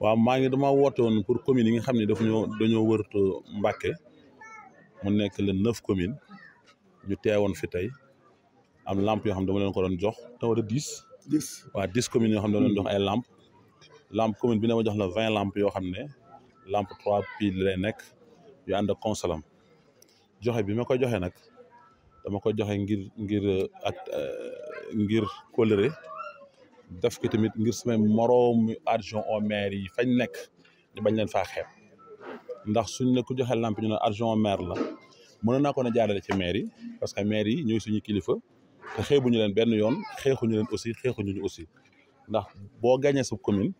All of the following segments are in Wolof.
waaw maa ngi dama woote woon pour communes yi xam ne daf ñoo dañoo wërtu Mbàkke mu nekk le neuf commune ñu teewoon fi tey am lamp yoo xam ne dama leen ko doon jox taw de dix dix waaw dix yoo xam ne dama leen jox ay lamp lamp commune bi ne ma jox la vingt lamp yoo xam ne lamp trois piles lay nekk yu ànd ak consolam joxe bi ma ko joxe nag dama ko joxe ngir ngir ak euh, ngir coloré def ki tamit ngir sumay moroomu adjoint au maire yi fañ nekk ñu bañ leen faa xeeb ndax suñ ne ku joxe lamp ñu ne adjoint au maire la mënoon a ko na jaarale ci maire yi parce que maire yi ñooy suñu kilifa te xeebuñu leen benn yoon xeexuñu leen aussi xeexuñu ñu aussi ndax boo gagné sa commune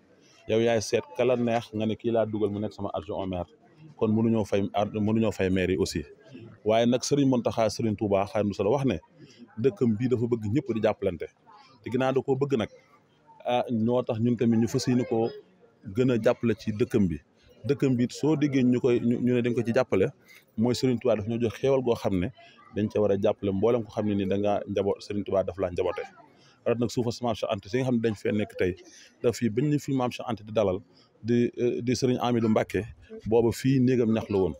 yow yaay seet kala neex nga ne kii laa dugal mu nekk sama adjoint au maire kon mënuñoo fay mënuñoo fay maire yi aussi waaye nag Serigne Mountakha Serigne Touba xaar nu sa la wax ne dëkk bii dafa bëgg ñëpp di jàppalante te ginnaaw da koo bëgg nag ah ñoo tax ñun tamit ñu fas yéene koo gën a jàppale ci dëkkam bi dëkkam bi it soo déggee ñu koy ñu ne dañ ko ci jàppale mooy Serigne Touba daf ñoo jox xéewal goo xam ne dañ ca war a jàppale mboolem ko xam ne ni da ngaa njaboot Serigne Touba daf laa njaboote rat nag suufa Maam Cheikh Anta si nga xam ne dañ fee nekk tey daf fii bañ ñu fi Maam Cheikh ant di dalal di eh, di Serigne Amidou Mbacke booba fii néegam ñax la woon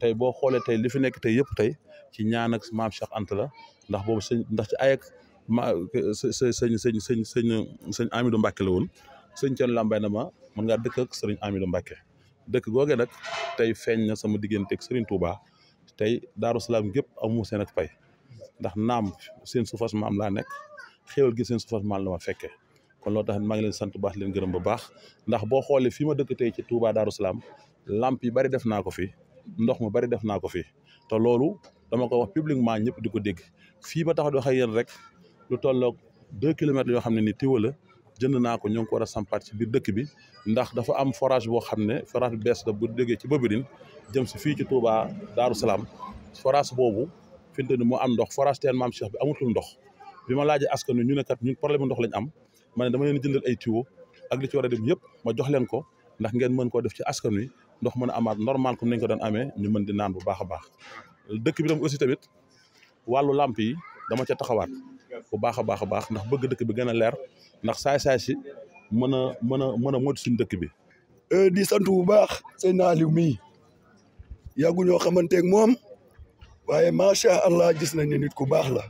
tey boo xoolee tey li fi nekk tey yëpp tey ci ñaan ak Maam Cheikh Anta la ndax boobu sëñ ndax ci ay ma sëñ sëñ sëñ sëñ sëñ sëñ Amidou Mbacke la woon sëñ Thierno Lambaye na ma mën ngaa dëkk ak sëriñ Amidou Mbacke dëkk googee nag tey feeñ na sama digganteeg sëriñ Touba tey Daaru Salaam gépp amu seen ak pay ndax naam seen suufas maam laa nekk xéwal gi seen suufas maam la ma fekkee kon loolu tax maa ngi leen sant bu baax leen gërëm bu baax ndax boo xoolee fi ma dëkk tey ci Touba Daaru Salaam lamp yi bari def naa ko fi ndox mu bari def naa ko fi te loolu dama ko wax publiquement ñëpp di ko dégg fii ma tax di wax ak yéen rek lu tolloog deux kilomètres yoo xam ne ni tiwa la jënd naa ko ñu ngi ko war a ci biir dëkk bi ndax dafa am forage boo xam ne forage bu bees la bu jógee ci Bobidine jëm si fii ci Touba Daaru Salaam forage boobu fi mu ne moo am ndox forage teen maam Cheikh bi amatul ndox bi ma laajee askan wi ñu ne kat ñun problème ndox lañ am ma dama leen jëndal ay tiwo ak li ci war a dem yëpp ma jox leen ko ndax ngeen mën koo def ci askan wi ndox mën a amaat normal comme nañ ko doon amee ñu mën di naan bu baax baax dëkk bi tam aussi tamit wàllu làmp yi dama ca taxawaat bu baax a baax a baax ndax bëgg dëkk bi gën a leer ndax saay-saay si mën a mën a mën a moytu dëkk bi eh, di sant bu baax sëñ Aliou mii yàggu ñoo xamanteeg moom waaye macha allah gis nañ nit ku baax la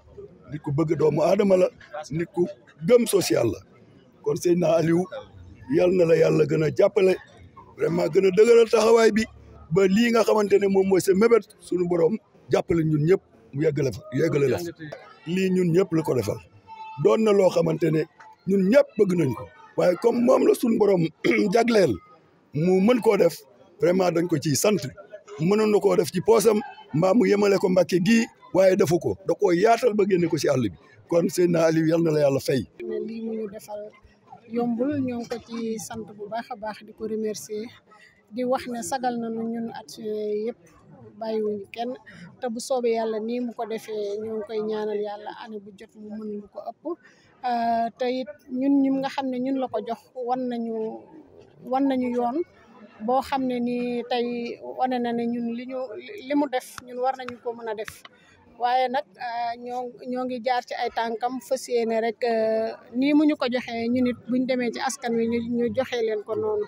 nit ku bëgg doomu aadama la nit ku gëm social la kon sëñ Aliou yal na la yàlla gën a jàppale vraiment gën a dëgëral taxawaay bi ba lii nga xamante ne moom mooy sa mébét suñu borom jàppale ñun ñëpp mu yeggale fa yeggale la fa lii ñun ñëpp la ko defal doon na loo xamante ne ñun ñëpp bëgg nañ ko waaye comme moom la suñ borom jagleel mu mën koo def vraiment dañ ko ci sant mënoon na koo def ci poosam mbaa mu yemale ko Mbàkke gii waaye defu ko da koo yaatal ba génne ko si àll bi kon Seydina Aliou yal na la yàlla fay. yombul ñoo ko ci sant bu baax a baax di ko remercier. di wax ne sagal na nu ñun at yëpp bàyyiwuñu kenn te bu soobee yàlla nii mu ko defee ñoo koy ñaanal yàlla année bu jot mu mën lu ko ëpp euh, te it ñun ñi nga xam ne ñun la ko jox wan nañu wan nañu yoon boo xam ne nii tey wane na ne ñun li ñu li mu def ñun war nañu ko mën a def waaye nag euh, ñoo ñoo ngi jaar ci ay tànkam fas yéene rek euh, nii mu ñu ko joxee ñun it buñ demee ci askan wi ñu joxe leen ko noonu